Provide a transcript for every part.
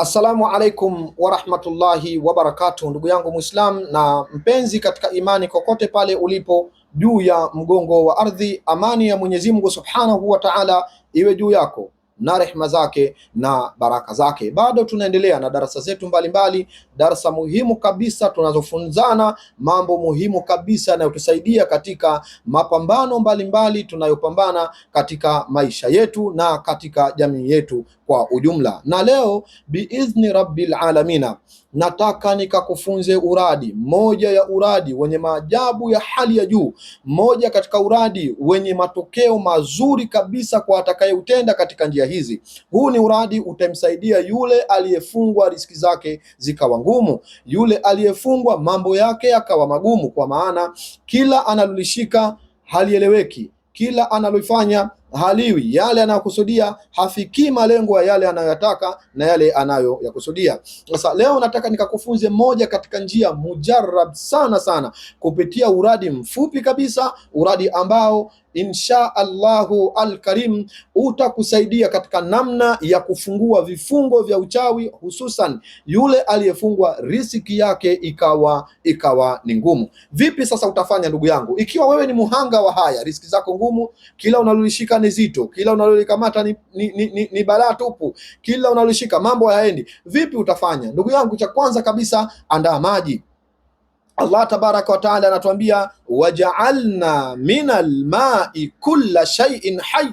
Assalamu alaikum warahmatullahi wabarakatuh, ndugu yangu Muislam na mpenzi katika imani, kokote pale ulipo juu ya mgongo wa ardhi, amani ya Mwenyezi Mungu Subhanahu wa Ta'ala iwe juu yako na rehma zake na baraka zake. Bado tunaendelea na darasa zetu mbalimbali, darasa muhimu kabisa tunazofunzana mambo muhimu kabisa yanayotusaidia katika mapambano mbalimbali tunayopambana katika maisha yetu na katika jamii yetu kwa ujumla. Na leo biizni rabbil alamina, nataka nikakufunze uradi moja ya uradi wenye maajabu ya hali ya juu, moja katika uradi wenye matokeo mazuri kabisa kwa atakayeutenda katika njia hizi. Huu ni uradi utamsaidia yule aliyefungwa riski zake zikawa ngumu, yule aliyefungwa mambo yake yakawa magumu, kwa maana kila analolishika halieleweki, kila analoifanya haliwi yale anayokusudia, hafikii malengo ya yale anayoyataka na yale anayoyakusudia. Sasa leo nataka nikakufunze moja katika njia mujarab sana sana, kupitia uradi mfupi kabisa, uradi ambao insha Allahu alkarim utakusaidia katika namna ya kufungua vifungo vya uchawi, hususan yule aliyefungwa riziki yake ikawa ikawa ni ngumu. Vipi sasa utafanya ndugu yangu, ikiwa wewe ni muhanga wa haya, riziki zako ngumu, kila unalolishika ni zito, kila unalolikamata ni, ni, ni, ni balaa tupu, kila unalishika mambo hayaendi. Vipi utafanya ndugu yangu? Cha kwanza kabisa, andaa maji. Allah tabaraka wa taala anatuambia wajaalna min almai kulla shay'in hayy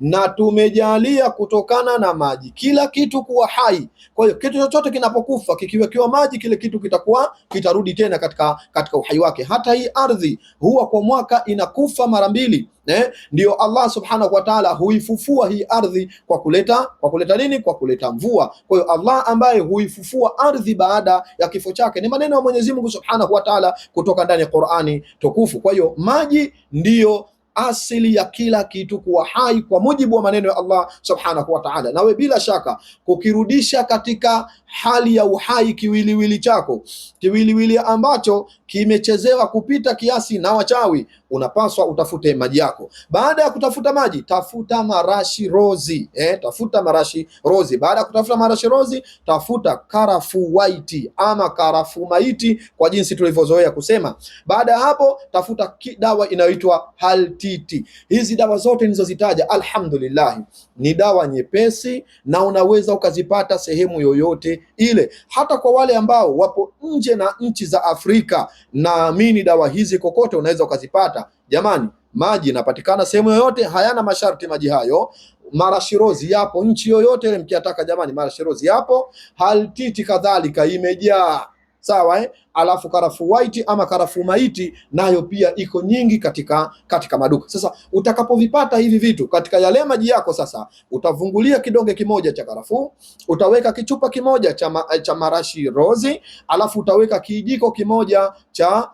na tumejalia kutokana na maji kila kitu kuwa hai. Kwa hiyo kitu chochote kinapokufa kikiwekewa maji, kile kitu kitakuwa kitarudi tena katika katika uhai wake. Hata hii ardhi huwa kwa mwaka inakufa mara mbili eh? Ndiyo Allah subhanahu wa ta'ala huifufua hii ardhi kwa kuleta kwa kuleta nini? Kwa kuleta mvua. Kwa hiyo Allah ambaye huifufua ardhi baada ya kifo chake, ni maneno ya Mwenyezi Mungu subhanahu wa ta'ala kutoka ndani ya Qur'ani tukufu. Kwa hiyo maji ndiyo asili ya kila kitu kuwa hai kwa mujibu wa maneno ya Allah subhanahu wa ta'ala. Nawe bila shaka kukirudisha katika hali ya uhai kiwiliwili chako, kiwiliwili ambacho kimechezewa kupita kiasi na wachawi, unapaswa utafute maji yako. Baada ya kutafuta maji, tafuta marashi rozi eh, tafuta marashi rozi. Baada ya kutafuta marashi rozi, tafuta karafu white ama karafu maiti kwa jinsi tulivyozoea kusema. Baada ya hapo, tafuta dawa inayoitwa haltiti. Hizi dawa zote nilizozitaja, alhamdulillah, ni dawa nyepesi na unaweza ukazipata sehemu yoyote ile, hata kwa wale ambao wapo nje na nchi za Afrika naamini dawa hizi kokote unaweza ukazipata. Jamani, maji inapatikana sehemu yoyote, hayana masharti maji hayo. Marashirozi yapo nchi yoyote ile mkiataka, jamani, marashirozi yapo. Haltiti kadhalika imejaa sawa eh? Alafu karafuu white ama karafuu maiti nayo pia iko nyingi katika katika maduka. Sasa utakapovipata hivi vitu katika yale maji yako, sasa utavungulia kidonge kimoja cha karafuu, utaweka kichupa kimoja cha, ma, eh, cha marashi rozi, alafu utaweka kijiko kimoja cha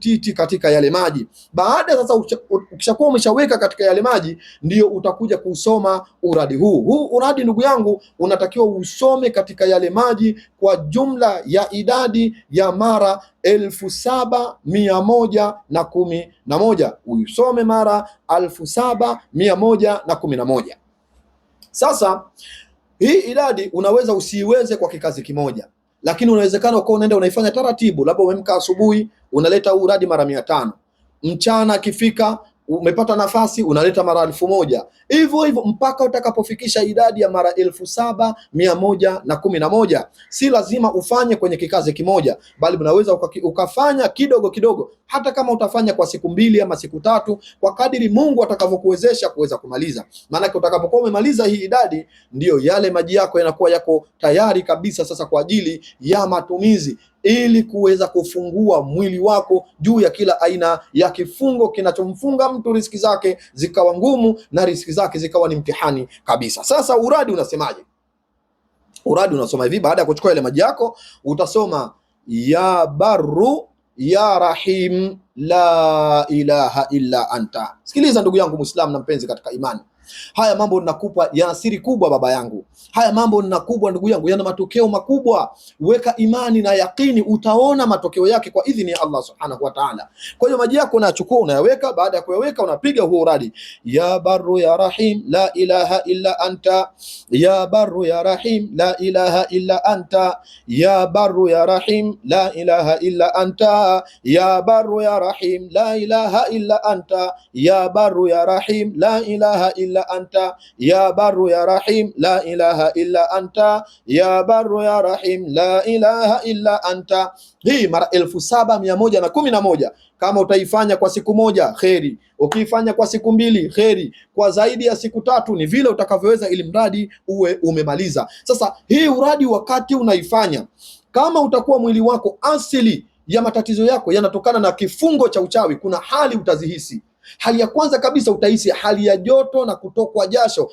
titi katika yale maji. Baada sasa, ukishakuwa umeshaweka katika yale maji, ndiyo utakuja kusoma uradi huu. Huu uradi ndugu yangu, unatakiwa usome katika yale maji kwa jumla ya idadi ya mara elfu saba mia moja na kumi na moja. Uisome mara elfu saba mia moja na kumi na moja. Sasa hii idadi unaweza usiiweze kwa kikazi kimoja lakini unawezekana ukawa unaenda unaifanya taratibu, labda umemka asubuhi unaleta huu uradi mara mia tano mchana akifika umepata nafasi unaleta mara elfu moja hivyo hivyo mpaka utakapofikisha idadi ya mara elfu saba mia moja na kumi na moja. Si lazima ufanye kwenye kikazi kimoja, bali unaweza ukafanya kidogo kidogo, hata kama utafanya kwa siku mbili ama siku tatu, kwa kadiri Mungu atakavyokuwezesha kuweza kumaliza. Maanake utakapokuwa umemaliza hii idadi, ndiyo yale maji yako yanakuwa yako tayari kabisa sasa kwa ajili ya matumizi ili kuweza kufungua mwili wako juu ya kila aina ya kifungo kinachomfunga mtu riziki zake zikawa ngumu na riziki zake zikawa ni mtihani kabisa. Sasa uradi unasemaje? Uradi unasoma hivi, baada ya kuchukua ile maji yako utasoma ya baru ya rahim la ilaha illa anta. Sikiliza ndugu yangu Muislamu na mpenzi katika imani Haya mambo ninakupa yana siri kubwa, baba yangu. Haya mambo ninakubwa, ndugu yangu, yana matokeo makubwa. Weka imani na yakini, utaona matokeo yake kwa idhini ya Allah subhanahu wa ta'ala. Kwa hiyo maji yako unayachukua, unayaweka. Baada ya kuyaweka, unapiga huo uradi, ya barru ya rahim la ilaha illa anta, ya barru ya rahim la ilaha illa anta, ya barru ya rahim la ilaha illa anta, ya barru ya rahim la ilaha illa anta, ya barru ya rahim la ilaha illa illa anta ya barru ya rahim la ilaha illa anta ya barru ya rahim la ilaha illa anta. Hii mara elfu saba mia moja na kumi na moja. Kama utaifanya kwa siku moja kheri, ukiifanya kwa siku mbili kheri, kwa zaidi ya siku tatu ni vile utakavyoweza, ili mradi uwe umemaliza. Sasa hii uradi, wakati unaifanya, kama utakuwa mwili wako asili ya matatizo yako yanatokana na kifungo cha uchawi, kuna hali utazihisi Hali ya kwanza kabisa utahisi hali ya joto na kutokwa jasho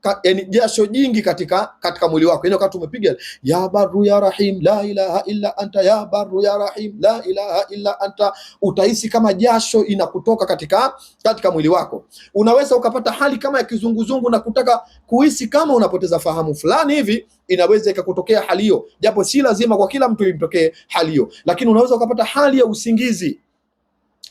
Ka, yani jasho jingi katika katika mwili wako, yani wakati umepiga ya baru ya rahim la ilaha illa anta ya baru ya rahim la ilaha illa anta, utahisi kama jasho inakutoka katika katika mwili wako. Unaweza ukapata hali kama ya kizunguzungu na kutaka kuhisi kama unapoteza fahamu fulani hivi, inaweza ikakutokea hali hiyo, japo si lazima kwa kila mtu imtokee hali hiyo, lakini unaweza ukapata hali ya usingizi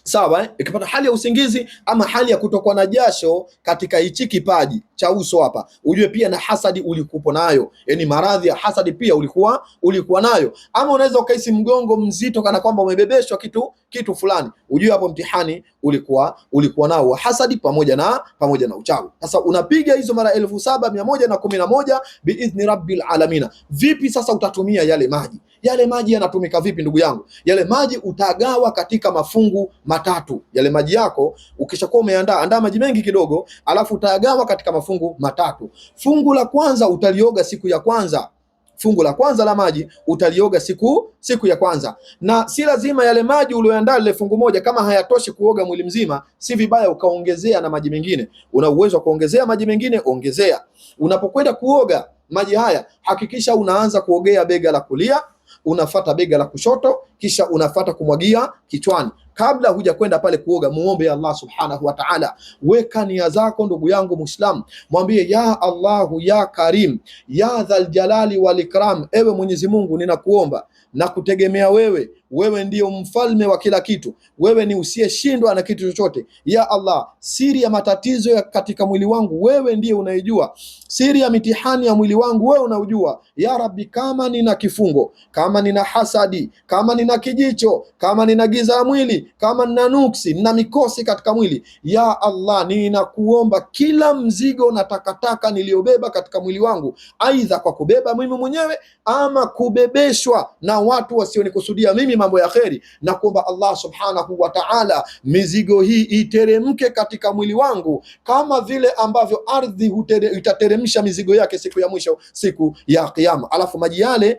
sawa eh? Ikipata hali ya usingizi ama hali ya kutokwa na jasho katika hichi kipaji cha uso hapa, ujue pia na hasadi ulikupo nayo, yani maradhi ya hasadi pia ulikuwa ulikuwa nayo. Ama unaweza ukahisi mgongo mzito kana kwamba umebebeshwa kitu kitu fulani, ujue hapo mtihani ulikuwa ulikuwa nao wa hasadi pamoja na pamoja na uchawi. Sasa unapiga hizo mara elfu saba mia moja na kumi na moja biidhni rabbil alamina. Vipi sasa utatumia yale maji? Yale maji yanatumika vipi, ndugu yangu? Yale maji utagawa katika mafungu matatu. Yale maji yako ukishakuwa umeandaa, andaa maji mengi kidogo, alafu utagawa katika mafungu mafungu matatu. Fungu la kwanza utalioga siku ya kwanza fungu la kwanza la maji utalioga siku siku ya kwanza, na si lazima yale maji uliyoandaa lile fungu moja, kama hayatoshi kuoga mwili mzima, si vibaya ukaongezea na maji mengine. Una uwezo wa kuongezea maji mengine, ongezea. Unapokwenda kuoga maji haya, hakikisha unaanza kuogea bega la kulia unafata bega la kushoto, kisha unafata kumwagia kichwani. Kabla huja kwenda pale kuoga, muombe Allah subhanahu wa ta'ala. Weka nia zako, ndugu yangu Muislam, mwambie ya Allahu ya Karim ya Dhal Jalali wal Ikram, ewe Mwenyezi Mungu, ninakuomba na kutegemea wewe wewe ndiyo mfalme wa kila kitu, wewe ni usiyeshindwa na kitu chochote. Ya Allah, siri ya matatizo ya katika mwili wangu wewe ndiye unaijua, siri ya mitihani ya mwili wangu wewe unaujua. Ya Rabbi, kama nina kifungo, kama nina hasadi, kama nina kijicho, kama nina giza ya mwili, kama nina nuksi, nina mikosi katika mwili, ya Allah, ninakuomba kila mzigo na takataka niliyobeba katika mwili wangu, aidha kwa kubeba mimi mwenyewe ama kubebeshwa na watu wasionikusudia mimi mambo ya kheri na kuomba Allah subhanahu wa ta'ala, mizigo hii iteremke katika mwili wangu kama vile ambavyo ardhi itateremsha mizigo yake siku ya mwisho, siku ya Kiyama. Alafu maji yale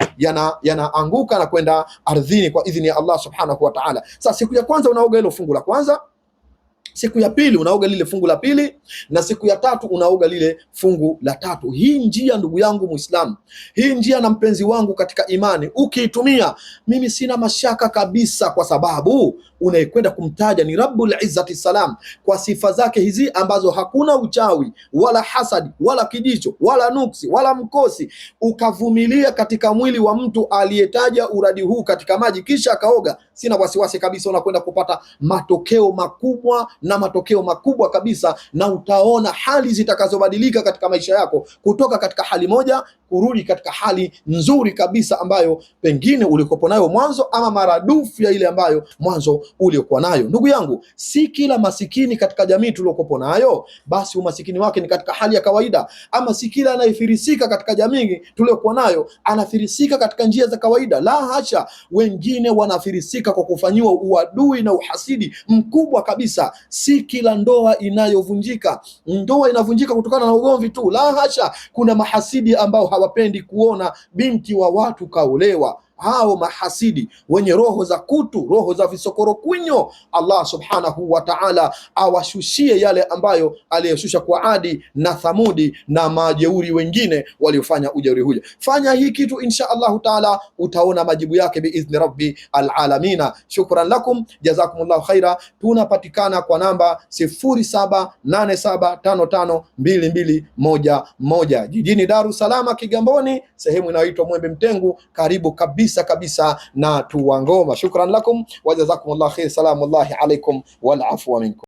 yanaanguka yana na kwenda ardhini kwa idhini ya Allah subhanahu wa ta'ala. Sasa siku ya kwanza unaoga hilo fungu la kwanza siku ya pili unaoga lile fungu la pili, na siku ya tatu unaoga lile fungu la tatu. Hii njia, ndugu yangu Muislamu, hii njia na mpenzi wangu katika imani, ukiitumia mimi sina mashaka kabisa, kwa sababu unayekwenda kumtaja ni Rabbul Izzati Salam kwa sifa zake hizi ambazo hakuna uchawi wala hasadi wala kijicho wala nuksi wala mkosi, ukavumilia katika mwili wa mtu aliyetaja uradi huu katika maji, kisha akaoga, sina wasiwasi kabisa unakwenda kupata matokeo makubwa na matokeo makubwa kabisa, na utaona hali zitakazobadilika katika maisha yako kutoka katika hali moja kurudi katika hali nzuri kabisa ambayo pengine ulikopo nayo mwanzo, ama maradufu ya ile ambayo mwanzo uliokuwa nayo. Ndugu yangu, si kila masikini katika jamii tuliokopo nayo basi umasikini wake ni katika hali ya kawaida, ama si kila anayefirisika katika jamii tuliokuwa nayo anafirisika katika njia za kawaida. La hasha, wengine wanafirisika kwa kufanyiwa uadui na uhasidi mkubwa kabisa si kila ndoa inayovunjika ndoa inavunjika kutokana na ugomvi tu, la hasha. Kuna mahasidi ambao hawapendi kuona binti wa watu kaolewa hao mahasidi wenye roho za kutu, roho za visokoro visokorokwinywa, Allah subhanahu wa ta'ala awashushie yale ambayo aliyeshusha kwa Adi na Thamudi na majeuri wengine waliofanya ujeuri huja. Fanya hii kitu insha Allahu taala, utaona majibu yake biidhni rabbi alalamina. Shukran lakum jazakumullahu khaira. Tunapatikana kwa namba 0787552211 jijini Dar es Salaam Kigamboni, sehemu inayoitwa Mwembe Mtengu, karibu kabisa kabisa kabisa na Tuwangoma. Shukran lakum wa jazakumullah khair, salamullahi alaikum wal afwa minkum.